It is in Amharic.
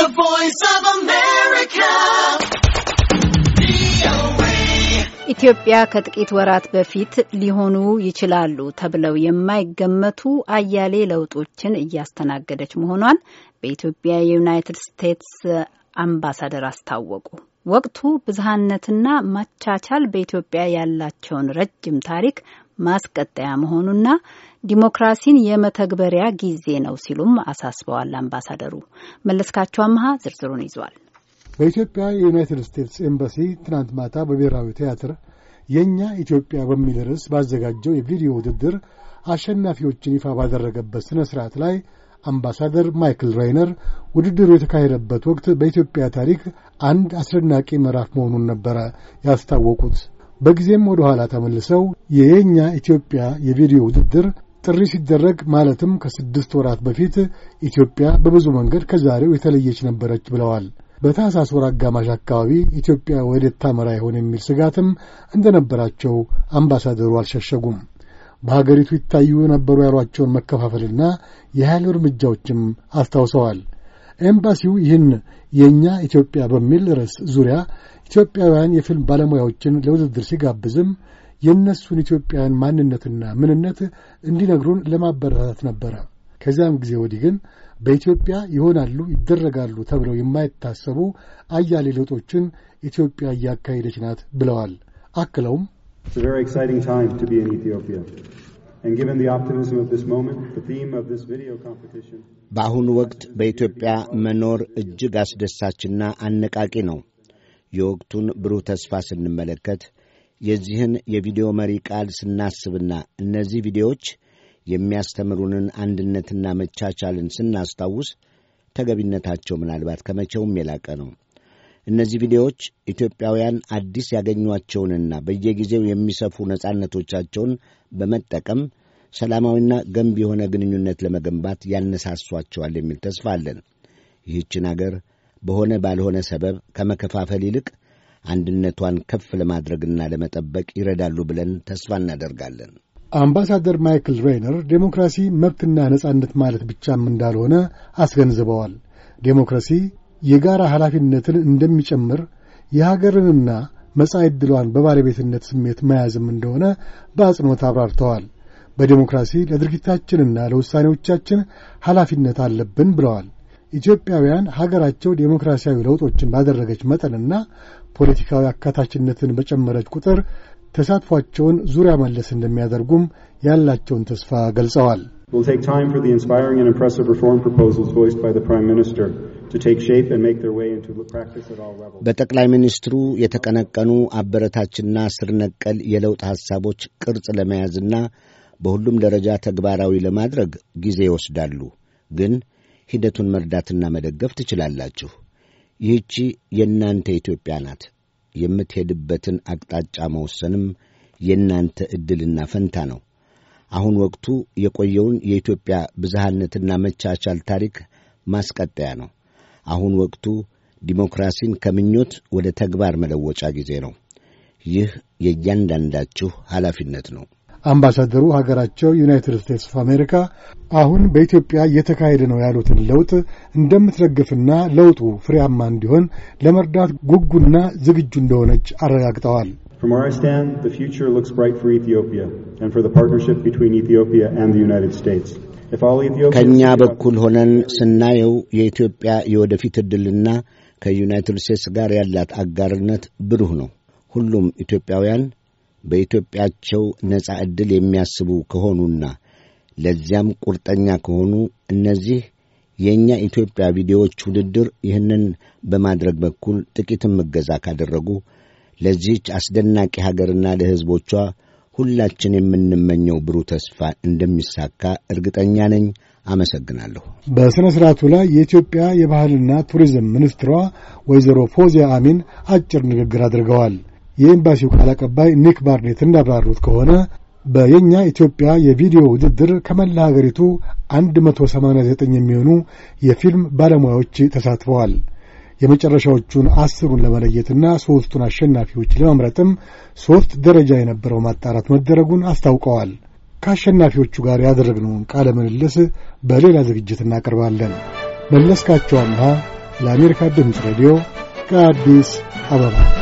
The Voice of America. ኢትዮጵያ ከጥቂት ወራት በፊት ሊሆኑ ይችላሉ ተብለው የማይገመቱ አያሌ ለውጦችን እያስተናገደች መሆኗን በኢትዮጵያ የዩናይትድ ስቴትስ አምባሳደር አስታወቁ። ወቅቱ ብዝሃነትና መቻቻል በኢትዮጵያ ያላቸውን ረጅም ታሪክ ማስቀጠያ መሆኑና ዲሞክራሲን የመተግበሪያ ጊዜ ነው ሲሉም አሳስበዋል አምባሳደሩ። መለስካቸው አመሃ ዝርዝሩን ይዟል። በኢትዮጵያ የዩናይትድ ስቴትስ ኤምባሲ ትናንት ማታ በብሔራዊ ቲያትር የእኛ ኢትዮጵያ በሚል ርዕስ ባዘጋጀው የቪዲዮ ውድድር አሸናፊዎችን ይፋ ባደረገበት ሥነ ሥርዓት ላይ አምባሳደር ማይክል ራይነር ውድድሩ የተካሄደበት ወቅት በኢትዮጵያ ታሪክ አንድ አስደናቂ ምዕራፍ መሆኑን ነበረ ያስታወቁት። በጊዜም ወደ ኋላ ተመልሰው የየኛ ኢትዮጵያ የቪዲዮ ውድድር ጥሪ ሲደረግ ማለትም ከስድስት ወራት በፊት ኢትዮጵያ በብዙ መንገድ ከዛሬው የተለየች ነበረች ብለዋል። በታህሳስ ወር አጋማሽ አካባቢ ኢትዮጵያ ወዴት ታመራ ይሆን የሚል ስጋትም እንደነበራቸው አምባሳደሩ አልሸሸጉም። በሀገሪቱ ይታዩ የነበሩ ያሏቸውን መከፋፈልና የኃይል እርምጃዎችም አስታውሰዋል። ኤምባሲው ይህን የእኛ ኢትዮጵያ በሚል ርዕስ ዙሪያ ኢትዮጵያውያን የፊልም ባለሙያዎችን ለውድድር ሲጋብዝም የእነሱን ኢትዮጵያውያን ማንነትና ምንነት እንዲነግሩን ለማበረታታት ነበረ። ከዚያም ጊዜ ወዲህ ግን በኢትዮጵያ ይሆናሉ፣ ይደረጋሉ ተብለው የማይታሰቡ አያሌ ለውጦችን ኢትዮጵያ እያካሄደች ናት ብለዋል። አክለውም በአሁኑ ወቅት በኢትዮጵያ መኖር እጅግ አስደሳችና አነቃቂ ነው። የወቅቱን ብሩህ ተስፋ ስንመለከት የዚህን የቪዲዮ መሪ ቃል ስናስብና እነዚህ ቪዲዮዎች የሚያስተምሩንን አንድነትና መቻቻልን ስናስታውስ ተገቢነታቸው ምናልባት ከመቼውም የላቀ ነው። እነዚህ ቪዲዮዎች ኢትዮጵያውያን አዲስ ያገኟቸውንና በየጊዜው የሚሰፉ ነጻነቶቻቸውን በመጠቀም ሰላማዊና ገንቢ የሆነ ግንኙነት ለመገንባት ያነሳሷቸዋል የሚል ተስፋ አለን። ይህችን አገር በሆነ ባልሆነ ሰበብ ከመከፋፈል ይልቅ አንድነቷን ከፍ ለማድረግና ለመጠበቅ ይረዳሉ ብለን ተስፋ እናደርጋለን። አምባሳደር ማይክል ሬይነር ዴሞክራሲ መብትና ነጻነት ማለት ብቻም እንዳልሆነ አስገንዝበዋል። ዴሞክራሲ የጋራ ኃላፊነትን እንደሚጨምር የሀገርንና መጻ ዕድሏን በባለቤትነት ስሜት መያዝም እንደሆነ በአጽንኦት አብራርተዋል። በዴሞክራሲ ለድርጊታችንና ለውሳኔዎቻችን ኃላፊነት አለብን ብለዋል። ኢትዮጵያውያን ሀገራቸው ዴሞክራሲያዊ ለውጦችን ባደረገች መጠንና ፖለቲካዊ አካታችነትን በጨመረች ቁጥር ተሳትፏቸውን ዙሪያ መለስ እንደሚያደርጉም ያላቸውን ተስፋ ገልጸዋል። በጠቅላይ ሚኒስትሩ የተቀነቀኑ አበረታችና ስር ነቀል የለውጥ ሐሳቦች ቅርጽ ለመያዝና በሁሉም ደረጃ ተግባራዊ ለማድረግ ጊዜ ይወስዳሉ። ግን ሂደቱን መርዳትና መደገፍ ትችላላችሁ። ይህቺ የእናንተ ኢትዮጵያ ናት። የምትሄድበትን አቅጣጫ መወሰንም የእናንተ ዕድልና ፈንታ ነው። አሁን ወቅቱ የቆየውን የኢትዮጵያ ብዝሃነትና መቻቻል ታሪክ ማስቀጠያ ነው። አሁን ወቅቱ ዲሞክራሲን ከምኞት ወደ ተግባር መለወጫ ጊዜ ነው። ይህ የእያንዳንዳችሁ ኃላፊነት ነው። አምባሳደሩ ሀገራቸው ዩናይትድ ስቴትስ ኦፍ አሜሪካ አሁን በኢትዮጵያ እየተካሄደ ነው ያሉትን ለውጥ እንደምትደግፍና ለውጡ ፍሬያማ እንዲሆን ለመርዳት ጉጉና ዝግጁ እንደሆነች አረጋግጠዋል። ኢትዮጵያ ከእኛ በኩል ሆነን ስናየው የኢትዮጵያ የወደፊት ዕድልና ከዩናይትድ ስቴትስ ጋር ያላት አጋርነት ብሩህ ነው። ሁሉም ኢትዮጵያውያን በኢትዮጵያቸው ነጻ ዕድል የሚያስቡ ከሆኑና ለዚያም ቁርጠኛ ከሆኑ እነዚህ የእኛ ኢትዮጵያ ቪዲዮዎች ውድድር ይህንን በማድረግ በኩል ጥቂትም እገዛ ካደረጉ ለዚህች አስደናቂ ሀገርና ለሕዝቦቿ ሁላችን የምንመኘው ብሩህ ተስፋ እንደሚሳካ እርግጠኛ ነኝ። አመሰግናለሁ። በሥነ ሥርዓቱ ላይ የኢትዮጵያ የባህልና ቱሪዝም ሚኒስትሯ ወይዘሮ ፎዚያ አሚን አጭር ንግግር አድርገዋል። የኤምባሲው ቃል አቀባይ ኒክ ባርኔት እንዳብራሩት ከሆነ በየኛ ኢትዮጵያ የቪዲዮ ውድድር ከመላ ሀገሪቱ 189 የሚሆኑ የፊልም ባለሙያዎች ተሳትፈዋል። የመጨረሻዎቹን አስሩን ለመለየትና ሦስቱን አሸናፊዎች ለመምረጥም ሦስት ደረጃ የነበረው ማጣራት መደረጉን አስታውቀዋል። ከአሸናፊዎቹ ጋር ያደረግነውን ቃለ ምልልስ በሌላ ዝግጅት እናቀርባለን። መለስካቸው አምሃ ለአሜሪካ ድምፅ ሬዲዮ ከአዲስ አበባ